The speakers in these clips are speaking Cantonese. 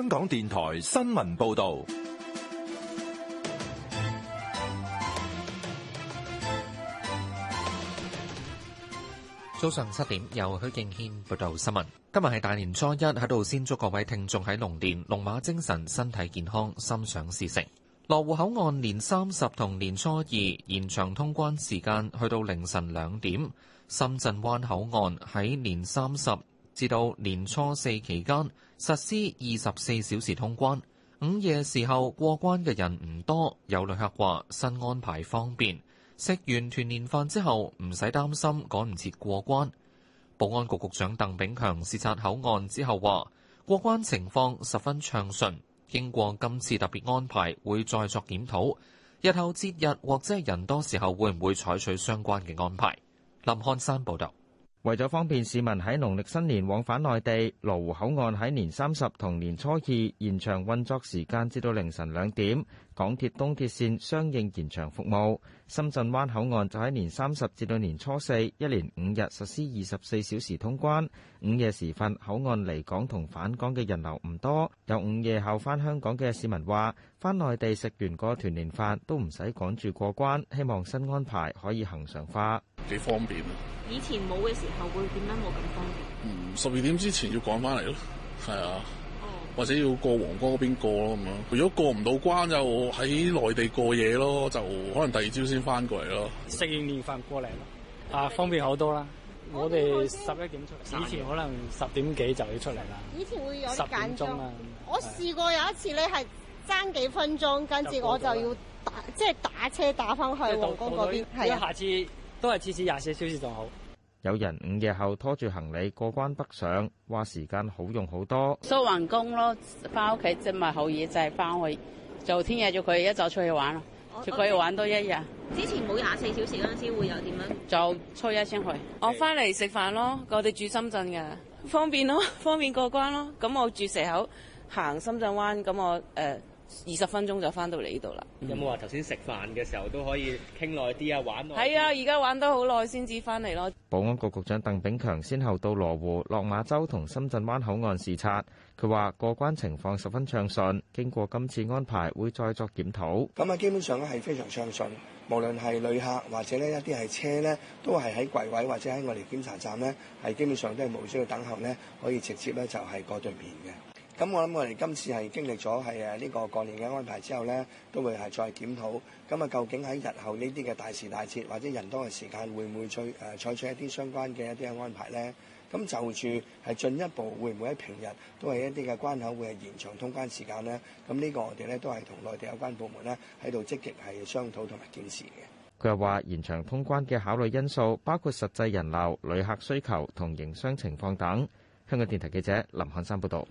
香港電台新聞報道。早上七點，由許敬軒報道新聞。今日係大年初一，喺度先祝各位聽眾喺龍年龍馬精神，身體健康，心想事成。羅湖口岸年三十同年初二延長通關時間，去到凌晨兩點。深圳灣口岸喺年三十至到年初四期間。實施二十四小時通關，午夜時候過關嘅人唔多。有旅客話新安排方便，食完團年飯之後唔使擔心趕唔切過關。保安局局長鄧炳強視察口岸之後話，過關情況十分暢順。經過今次特別安排，會再作檢討。日後節日或者人多時候，會唔會採取相關嘅安排？林漢山報導。為咗方便市民喺農曆新年往返內地，羅湖口岸喺年三十同年初二延長運作時間至到凌晨兩點，港鐵東鐵綫相應延長服務。深圳灣口岸就喺年三十至到年初四，一連五日實施二十四小時通關。午夜時分，口岸離港同返港嘅人流唔多。有午夜後返香港嘅市民話，返內地食完個團年飯都唔使趕住過關，希望新安排可以恆常化。幾方便啊！以前冇嘅時候會點樣冇咁方便？嗯，十二點之前要趕翻嚟咯，係啊，或者要過皇崗嗰邊過咯咁啊。如果過唔到關，就喺內地過夜咯，就可能第二朝先翻過嚟咯。食完面飯過嚟啊，方便好多啦！我哋十一點出嚟，以前可能十點幾就要出嚟啦。以前會有啲緊張，我試過有一次，你係爭幾分鐘，跟住我就要打，即係打車打翻去皇崗嗰邊，係啊，下次。都係次次廿四小時就好。有人午夜後拖住行李過關北上，話時間好用好多。收完工咯，翻屋企即係好嘢就係翻去，就聽日叫佢一早出去玩咯，就佢玩多一日。之前冇廿四小時嗰陣時會又點樣？就初一先去。我翻嚟食飯咯。我哋住深圳嘅，方便咯，方便過關咯。咁我住蛇口，行深圳灣。咁我誒。呃二十分鐘就翻到嚟呢度啦！有冇話頭先食飯嘅時候都可以傾耐啲啊，玩耐啲？係啊，而家玩得好耐先至翻嚟咯。保安局局長鄧炳強先後到羅湖、落馬洲同深圳灣口岸視察，佢話過關情況十分暢順，經過今次安排會再作檢討。咁啊、嗯，基本上咧係非常暢順，無論係旅客或者呢一啲係車呢，都係喺櫃位或者喺我哋檢查站呢，係基本上都係冇需要等候呢，可以直接咧就係過對面嘅。咁我諗，我哋今次係經歷咗係誒呢個過年嘅安排之後咧，都會係再檢討咁啊。究竟喺日後呢啲嘅大時大節或者人多嘅時間，會唔會採誒採取一啲相關嘅一啲嘅安排咧？咁就住係進一步會唔會喺平日都係一啲嘅關口會係延長通關時間咧？咁呢個我哋咧都係同內地有關部門咧喺度積極係商討同埋檢視嘅。佢又話：延長通關嘅考慮因素包括實際人流、旅客需求同營商情況等。香港電台記者林漢山報導。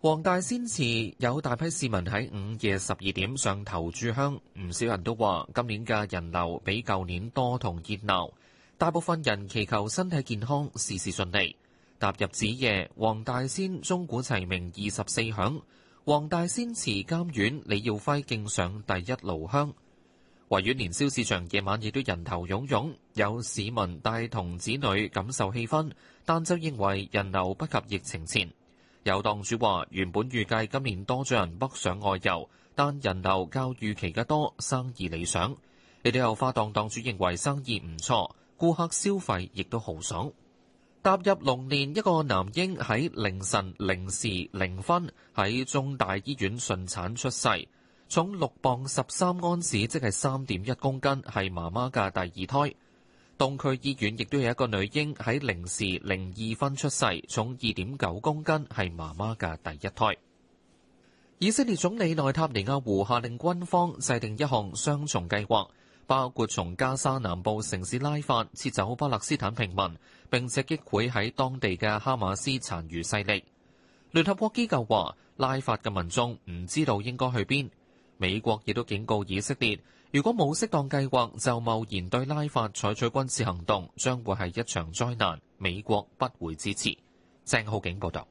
黃大仙祠有大批市民喺午夜十二點上頭炷香，唔少人都話今年嘅人流比舊年多同熱鬧。大部分人祈求身體健康、事事順利。踏入子夜，黃大仙鐘鼓齊鳴二十四響。黃大仙祠監院李耀輝敬上第一爐香。維園年宵市場夜晚亦都人頭湧湧，有市民帶同子女感受氣氛，但就認為人流不及疫情前。有檔主話：原本預計今年多咗人北上外遊，但人流較預期嘅多，生意理想。亦都有花檔檔主認為生意唔錯，顧客消費亦都豪爽。踏入龍年，一個男嬰喺凌晨零時零分喺中大醫院順產出世，重六磅十三安士，即係三點一公斤，係媽媽嘅第二胎。東區醫院亦都有一個女嬰喺零時零二分出世，重二點九公斤，係媽媽嘅第一胎。以色列總理內塔尼亞胡下令軍方制定一項雙重計劃，包括從加沙南部城市拉法撤走巴勒斯坦平民，並且擊潰喺當地嘅哈馬斯殘餘勢力。聯合國機構話，拉法嘅民眾唔知道應該去邊。美國亦都警告以色列，如果冇適當計劃，就貿然對拉法採取軍事行動，將會係一場災難，美國不會支持。鄭浩景報道。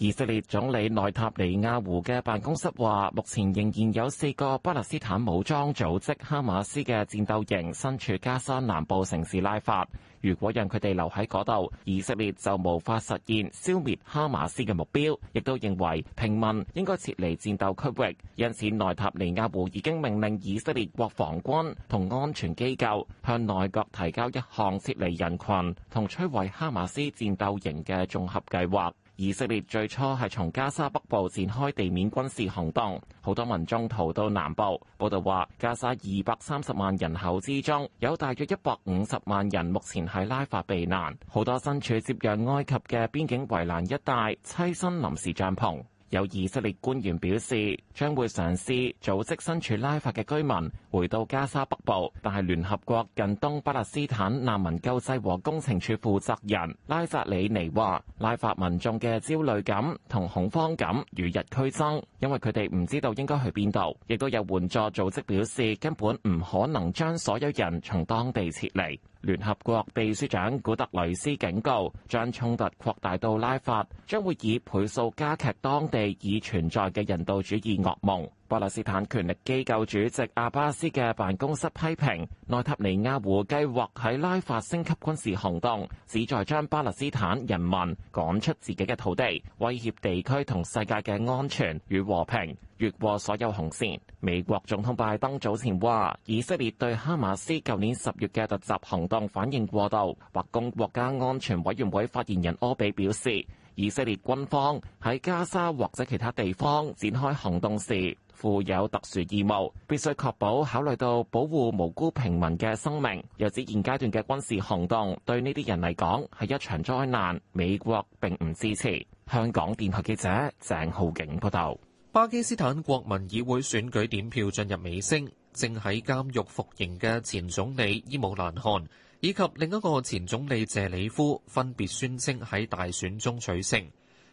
以色列總理內塔尼亞胡嘅辦公室話，目前仍然有四個巴勒斯坦武裝組織哈馬斯嘅戰鬥營身處加沙南部城市拉法。如果讓佢哋留喺嗰度，以色列就無法實現消滅哈馬斯嘅目標。亦都認為平民應該撤離戰鬥區域，因此內塔尼亞胡已經命令以色列國防軍同安全機構向內閣提交一項撤離人群同摧毀哈馬斯戰鬥營嘅綜合計劃。以色列最初係從加沙北部展開地面軍事行動，好多民眾逃到南部。報道話，加沙二百三十萬人口之中，有大約一百五十萬人目前喺拉法避難，好多身處接壤埃及嘅邊境圍欄一帶，棲身臨時帳篷。有以色列官員表示，將會嘗試組織身處拉法嘅居民回到加沙北部，但係聯合國近東巴勒斯坦難民救濟和工程處負責人拉扎里尼話，拉法民眾嘅焦慮感同恐慌感與日俱增，因為佢哋唔知道應該去邊度，亦都有援助組織表示根本唔可能將所有人從當地撤離。聯合國秘書長古特雷斯警告，將衝突擴大到拉法，將會以倍數加劇當地已存在嘅人道主義噩夢。巴勒斯坦權力機構主席阿巴斯嘅辦公室批評內塔尼亞胡計劃喺拉法升級軍事行動，旨在將巴勒斯坦人民趕出自己嘅土地，威脅地區同世界嘅安全與和平，越過所有紅線。美國總統拜登早前話，以色列對哈馬斯舊年十月嘅突襲行動反應過度。白宮國家安全委員會發言人柯比表示。以色列軍方喺加沙或者其他地方展開行動時，負有特殊義務，必須確保考慮到保護無辜平民嘅生命。又指現階段嘅軍事行動對呢啲人嚟講係一場災難。美國並唔支持。香港電台記者鄭浩景報道。巴基斯坦國民議會選舉點票進入尾聲，正喺監獄服刑嘅前總理伊姆蘭汗，以及另一個前總理謝里夫分別宣稱喺大選中取勝。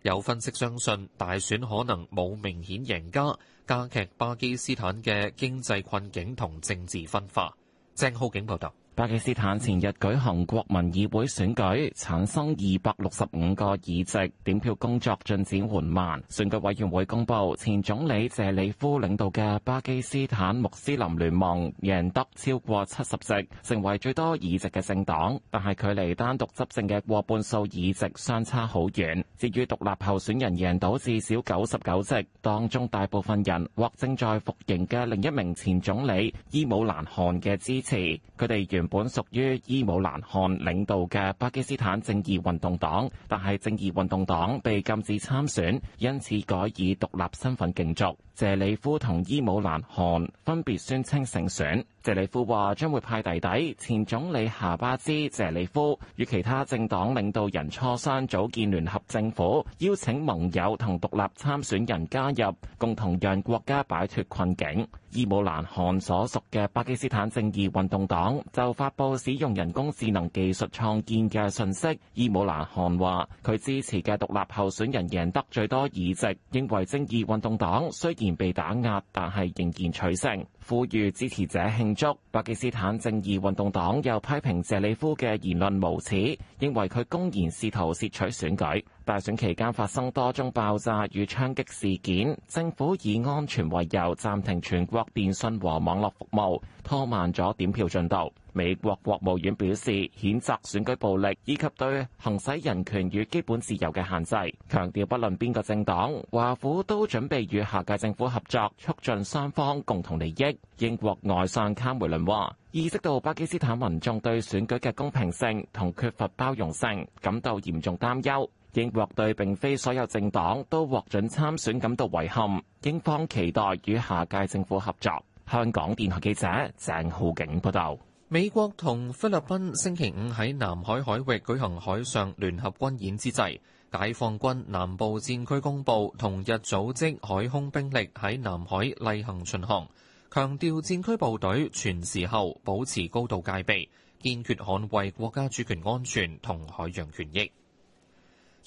有分析相信大選可能冇明顯贏家，家，加劇巴基斯坦嘅經濟困境同政治分化。鄭浩景報道。巴基斯坦前日舉行國民議會選舉，產生二百六十五個議席，點票工作進展緩慢。選舉委員會公布，前總理謝里夫領導嘅巴基斯坦穆斯林聯盟贏得超過七十席，成為最多議席嘅政黨，但係距離單獨執政嘅過半數議席相差好遠，至於獨立候選人贏到至少九十九席，當中大部分人獲正在服刑嘅另一名前總理伊姆蘭汗嘅支持，佢哋原。本屬於伊姆蘭汗領導嘅巴基斯坦正義運動黨，但係正義運動黨被禁止參選，因此改以獨立身份競逐。謝里夫同伊姆蘭汗分別宣稱勝選。謝里夫話將會派弟弟前總理夏巴茲·謝里夫與其他政黨領導人磋商組建聯合政府，邀請盟友同獨立參選人加入，共同讓國家擺脫困境。伊姆蘭汗所屬嘅巴基斯坦正義運動黨就發佈使用人工智能技術創建嘅信息。伊姆蘭汗話佢支持嘅獨立候選人贏得最多議席，認為正義運動黨雖然。被打壓，但係仍然取勝，呼籲支持者慶祝。巴基斯坦正義運動黨又批評謝里夫嘅言論無恥，認為佢公然試圖竊取選舉。大選期間發生多宗爆炸與槍擊事件，政府以安全為由暫停全國電信和網絡服務，拖慢咗點票進度。美國國務院表示譴責選舉暴力以及對行使人權與基本自由嘅限制，強調不論邊個政黨，華府都準備與下屆政府合作，促進雙方共同利益。英國外相卡梅倫話意識到巴基斯坦民眾對選舉嘅公平性同缺乏包容性感到嚴重擔憂。英國對並非所有政黨都獲准參選感到遺憾，英方期待與下屆政府合作。香港電台記者鄭浩景報道。美國同菲律賓星期五喺南海海域舉行海上聯合軍演之際，解放軍南部戰區公佈同日組織海空兵力喺南海例行巡航，強調戰區部隊全時候保持高度戒備，堅決捍衛國家主權安全同海洋權益。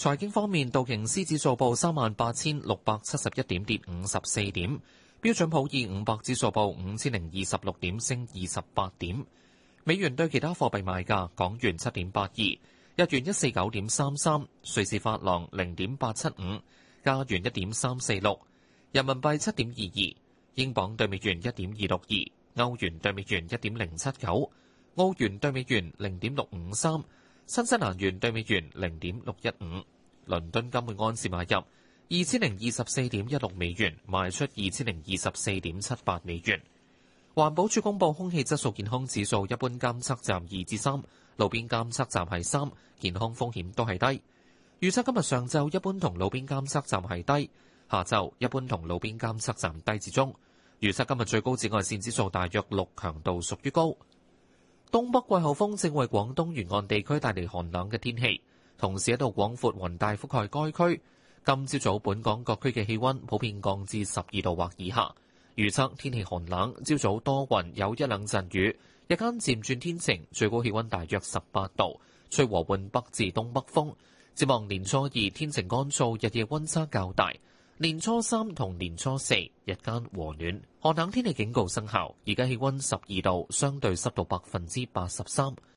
財經方面，道瓊斯指數報三萬八千六百七十一點，跌五十四點；標準普爾五百指數報五千零二十六點，升二十八點。美元對其他貨幣賣價：港元七點八二，日元一四九點三三，瑞士法郎零點八七五，加元一點三四六，人民幣七點二二，英鎊對美元一點二六二，歐元對美元一點零七九，澳元對美元零點六五三。新西蘭元兌美元零點六一五，倫敦金會安士買入二千零二十四點一六美元，賣出二千零二十四點七八美元。環保署公布空氣質素健康指數，一般監測站二至三，路邊監測站係三，健康風險都係低。預測今日上晝一般同路邊監測站係低，下晝一般同路邊監測站低至中。預測今日最高紫外線指數大約六，強度屬於高。東北季候風正為廣東沿岸地區帶嚟寒冷嘅天氣，同時一度廣闊雲帶覆蓋該區。今朝早本港各區嘅氣溫普遍降至十二度或以下，預測天氣寒冷，朝早多雲，有一兩陣雨，日間漸轉天晴，最高氣溫大約十八度，吹和緩北至東北風。展望年初二天晴乾燥，日夜溫差較大。年初三同年初四日間和暖，寒冷天氣警告生效。而家氣溫十二度，相對濕度百分之八十三。